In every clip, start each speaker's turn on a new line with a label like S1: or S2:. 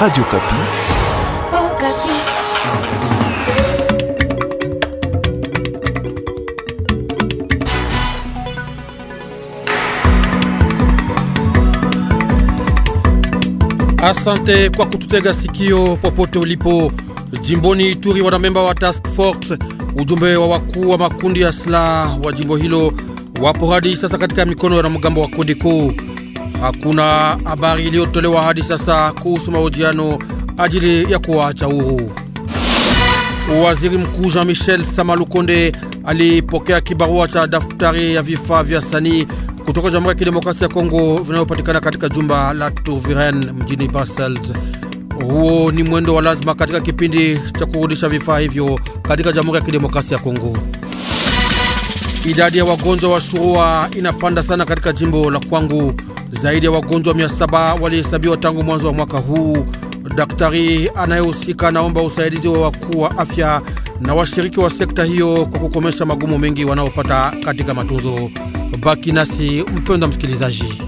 S1: Radio Kapi. Oh, Kapi.
S2: Asante kwa kututega sikio popote ulipo. Jimboni Ituri, memba wa task force, ujumbe wa wakuu wa makundi ya silaha wa jimbo hilo wapo hadi sasa katika mikono ya wanamgambo wa kundi kuu. Hakuna habari iliyotolewa hadi sasa kuhusu mahojiano ajili ya kuwaacha huru. Waziri Mkuu Jean-Michel Samalukonde alipokea kibarua cha daftari ya vifaa vya sanii kutoka Jamhuri ya Kidemokrasia ya Kongo vinavyopatikana katika jumba la Tourviren mjini Brussels. Huo ni mwendo wa lazima katika kipindi cha kurudisha vifaa hivyo katika Jamhuri ya Kidemokrasia ya Kongo. Idadi ya wagonjwa wa shurua inapanda sana katika jimbo la Kwangu. Zaidi ya wagonjwa mia saba walihesabiwa tangu mwanzo wa mwaka huu. Daktari anayehusika anaomba usaidizi wa wakuu wa afya na washiriki wa sekta hiyo kwa kukomesha magumu mengi wanaopata katika matunzo. Baki nasi mpenda msikilizaji.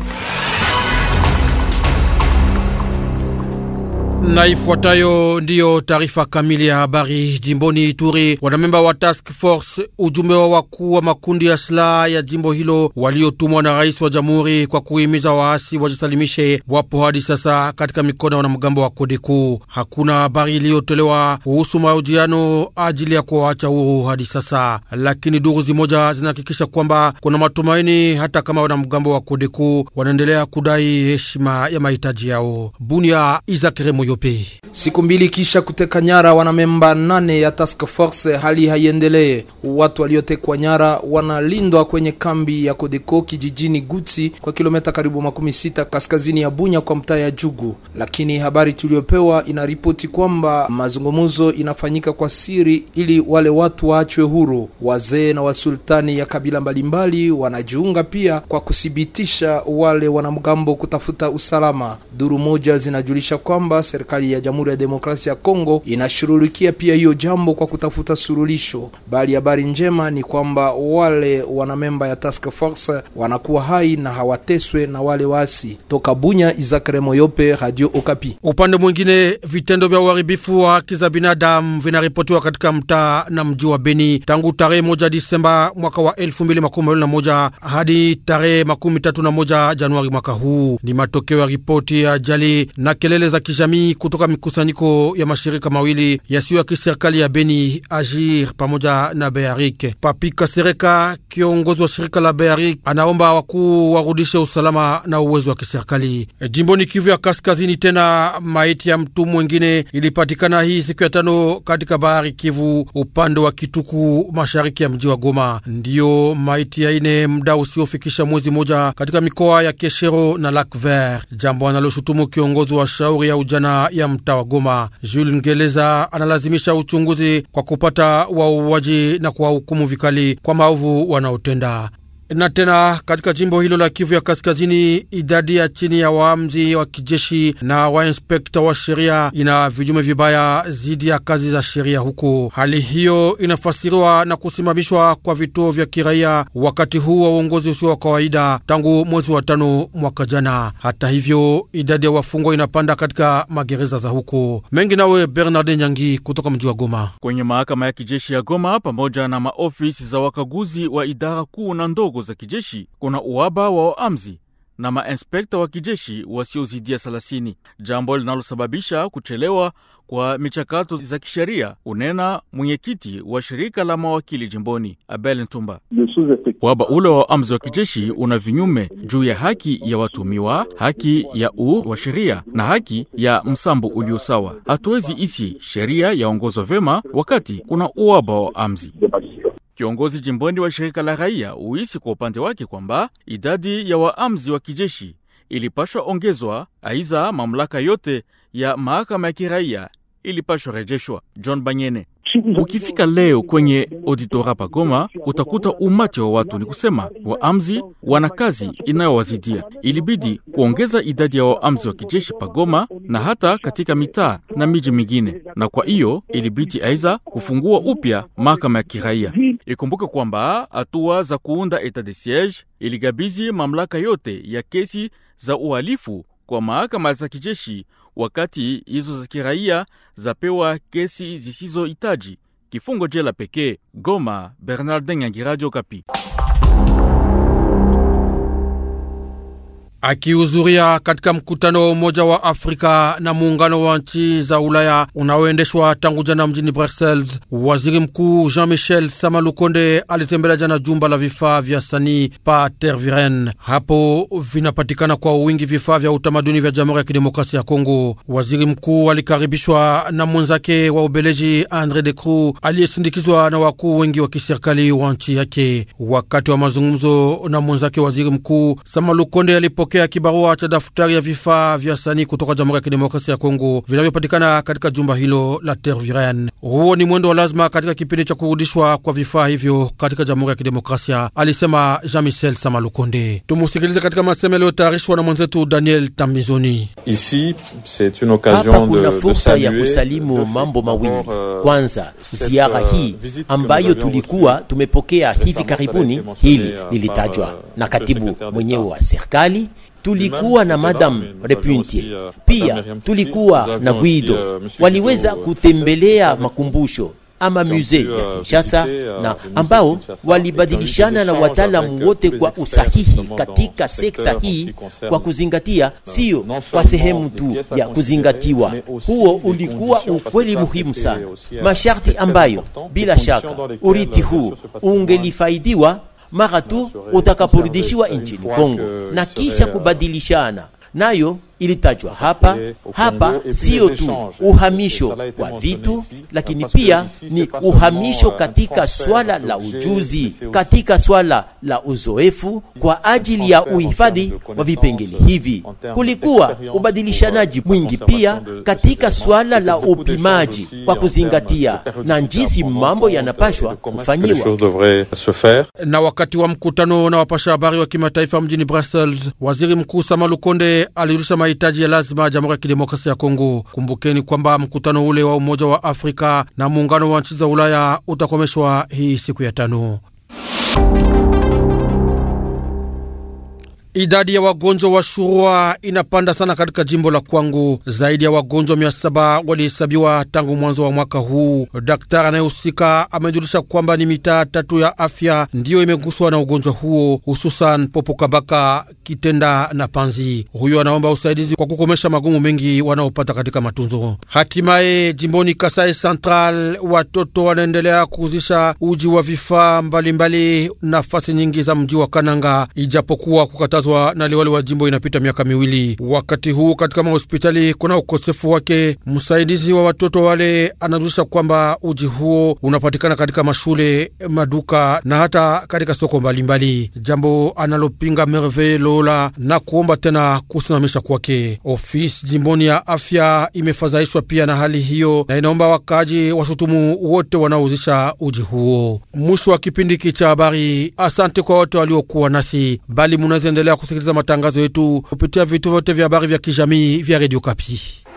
S2: na ifuatayo ndiyo taarifa kamili ya habari. Jimboni Ituri, wanamemba wa task force, ujumbe wa wakuu wa makundi ya silaha ya jimbo hilo waliotumwa na rais wa jamhuri kwa kuhimiza waasi wajisalimishe, wapo hadi sasa katika mikono ya wanamgambo wa Kodeku. Hakuna habari iliyotolewa kuhusu mahojiano ajili ya kuwaacha huru hadi sasa, lakini duru zimoja zinahakikisha kwamba kuna matumaini, hata kama wanamgambo wa Kodeku wanaendelea kudai heshima ya mahitaji yao. Bunia Izakiremo Yope. Siku mbili kisha kuteka nyara wanamemba nane ya task force, hali haiendelee. Watu waliotekwa nyara wanalindwa kwenye kambi ya Kodeko kijijini Gutsi kwa kilometa karibu makumi sita kaskazini ya Bunya kwa mtaa ya Jugu, lakini habari tuliyopewa inaripoti kwamba mazungumzo inafanyika kwa siri ili wale watu waachwe huru. Wazee na wasultani ya kabila mbalimbali wanajiunga pia kwa kuthibitisha wale wanamgambo kutafuta usalama. Duru moja zinajulisha kwamba serikali ya Jamhuri ya Demokrasia ya Kongo inashughulikia pia hiyo jambo kwa kutafuta surulisho bali habari njema ni kwamba wale wanamemba ya task force wanakuwa hai na hawateswe na wale waasi. Toka Bunya, Izakare Moyope, Radio Okapi. Upande mwingine, vitendo vya uharibifu wa haki za binadamu vinaripotiwa katika mtaa na mji wa Beni tangu tarehe moja Disemba mwaka wa elfu mbili makumi mbili na moja hadi tarehe makumi tatu na moja Januari mwaka huu. Ni matokeo ya ripoti ya ajali na kelele za kijamii kutoka mikusanyiko ya mashirika mawili yasiyo ya kiserikali ya Beni, Agir pamoja na Bearik. Papi Kasereka, kiongozi wa shirika la Bearik, anaomba wakuu warudishe usalama na uwezo wa kiserikali e, jimboni Kivu ya Kaskazini. Tena maiti ya mtu mwengine ilipatikana hii siku ya tano katika bahari Kivu upande wa Kituku, mashariki ya mji wa Goma. Ndiyo maiti ya ine mda usiofikisha mwezi moja katika mikoa ya Keshero na Lac Vert, jambo analoshutumu kiongozi wa shauri ya ujana ya mtaa wa Goma Jules Ngeleza analazimisha uchunguzi kwa kupata wauaji na kuwahukumu vikali kwa maovu wanaotenda na tena katika jimbo hilo la Kivu ya Kaskazini, idadi ya chini ya waamzi wa kijeshi na wainspekta wa sheria ina vijume vibaya zidi ya kazi za sheria huko. Hali hiyo inafasiriwa na kusimamishwa kwa vituo vya kiraia wakati huu wa uongozi usio wa kawaida tangu mwezi wa tano mwaka jana. Hata hivyo, idadi ya wafungwa inapanda katika magereza za huko mengi. Nawe Bernard Nyangi kutoka mji wa Goma,
S3: kwenye mahakama ya kijeshi ya Goma pamoja na maofisi za wakaguzi wa idara kuu na ndogo ndogo za kijeshi, kuna uhaba wa waamzi na mainspekta wa kijeshi wasiozidia 30, jambo linalosababisha kuchelewa kwa michakato za kisheria, unena mwenyekiti wa shirika la mawakili jimboni Abel Ntumba. Waba ule wa amzi wa kijeshi una vinyume juu ya haki ya watumiwa, haki ya uhuru wa sheria na haki ya msambo ulio sawa. Hatuwezi isi sheria yaongozwa vema wakati kuna uaba wa amzi. Kiongozi jimboni wa shirika la raia uhisi kwa upande wake kwamba idadi ya waamzi wa kijeshi ilipashwa ongezwa, aiza mamlaka yote ya mahakama ya kiraia ilipashwa rejeshwa. John Banyene Ukifika leo kwenye auditora Pagoma utakuta umati wa watu, ni kusema waamzi wana kazi inayowazidia. Ilibidi kuongeza idadi ya waamzi wa kijeshi Pagoma na hata katika mitaa na miji mingine, na kwa hiyo ilibidi aiza kufungua upya mahakama ya kiraia. Ikumbuke kwamba hatua za kuunda etat de siege iligabizi mamlaka yote ya kesi za uhalifu kwa mahakama za kijeshi wakati hizo za kiraia zapewa kesi zisizohitaji kifungo jela pekee. Goma, Bernardin Nyangira, Radio kapi
S2: Akihudhuria katika mkutano wa Umoja wa Afrika na muungano wa nchi za Ulaya unaoendeshwa tangu jana mjini Brussels, waziri mkuu Jean Michel Samalukonde alitembelea jana jumba la vifaa vya sanii pa terviren Hapo vinapatikana kwa wingi vifaa vya utamaduni vya Jamhuri ya Kidemokrasia ya Kongo. Waziri mkuu alikaribishwa na mwenzake wa Ubeleji Andre de Croo aliyesindikizwa na wakuu wengi wa kiserikali wa nchi yake. Wakati wa mazungumzo na mwenzake waziri mkuu Samalukonde alipo kupokea kibarua cha daftari ya vifaa vya sanii kutoka Jamhuri ya Kidemokrasia ya Kongo vinavyopatikana katika jumba hilo la Terviren. Huo ni mwendo wa lazima katika kipindi cha kurudishwa kwa vifaa hivyo katika Jamhuri ya Kidemokrasia, alisema Jean Michel Samalukonde. Tumusikilize katika masemo yaliyotayarishwa na mwenzetu Daniel Tambizoni.
S1: Hapa kuna fursa ya kusalimu mambo mawili. Euh, Kwanza, ziara euh, hii ambayo tulikuwa tumepokea hivi karibuni, hili euh, lilitajwa na katibu mwenyewe wa serikali tulikuwa na Madam Repuntier, euh, pia tulikuwa na Guido, euh, waliweza kutembelea makumbusho ama muse ya euh, Kinshasa na ambao walibadilishana na wataalamu wote kwa usahihi katika sekta hii, kwa kuzingatia sio kwa sehemu tu ya kuzingatiwa. Huo ulikuwa ukweli muhimu sana, masharti ambayo bila shaka uriti huu ungelifaidiwa mara tu utakaporudishiwa nchini Kongo na kisha kubadilishana nayo ilitajwa hapa hapa, sio tu uhamisho wa vitu, lakini pia ni uhamisho katika swala la ujuzi, katika swala la uzoefu kwa ajili ya uhifadhi wa vipengele hivi. Kulikuwa ubadilishanaji euh, mwingi pia katika swala la upimaji kwa kuzingatia na jinsi mambo yanapashwa kufanyiwa. Na wakati wa mkutano na
S2: wapasha habari wa kimataifa mjini Brussels, waziri mkuu Samalukonde alirusha mahitaji ya lazima ya Jamhuri ya Kidemokrasia ya Kongo. Kumbukeni kwamba mkutano ule wa Umoja wa Afrika na muungano wa nchi za Ulaya utakomeshwa hii siku ya tano. Idadi ya wagonjwa wa shurua inapanda sana katika jimbo la Kwangu. Zaidi ya wagonjwa mia saba walihesabiwa tangu mwanzo wa mwaka huu. Daktari anayehusika amejulisha kwamba ni mitaa tatu ya afya ndiyo imeguswa na ugonjwa huo, hususan kabaka Kitenda na Panzi. Huyo anaomba usaidizi kwa kukomesha magumu mengi wanaopata katika matunzo. Hatimaye jimboni Kasai Central, watoto wanaendelea kuuzisha uji wa vifaa mbalimbali nafasi nyingi za mji wa Kananga, ijapokuwa kukataza iliyotangazwa na liwali wa jimbo inapita miaka miwili. Wakati huu katika mahospitali kuna ukosefu wake. Msaidizi wa watoto wale anajulisha kwamba uji huo unapatikana katika mashule, maduka na hata katika soko mbalimbali, jambo analopinga Merve Lola na kuomba tena kusimamisha kwake. Ofisi jimboni ya afya imefadhaishwa pia na hali hiyo na inaomba wakaaji washutumu wote wanaouzisha uji huo. Mwisho wa kipindi hiki cha habari. Asante kwa wote waliokuwa nasi, bali munaendelea kusikiliza matangazo yetu kupitia vituo vyote vya habari vya kijamii vya Radio Kapi.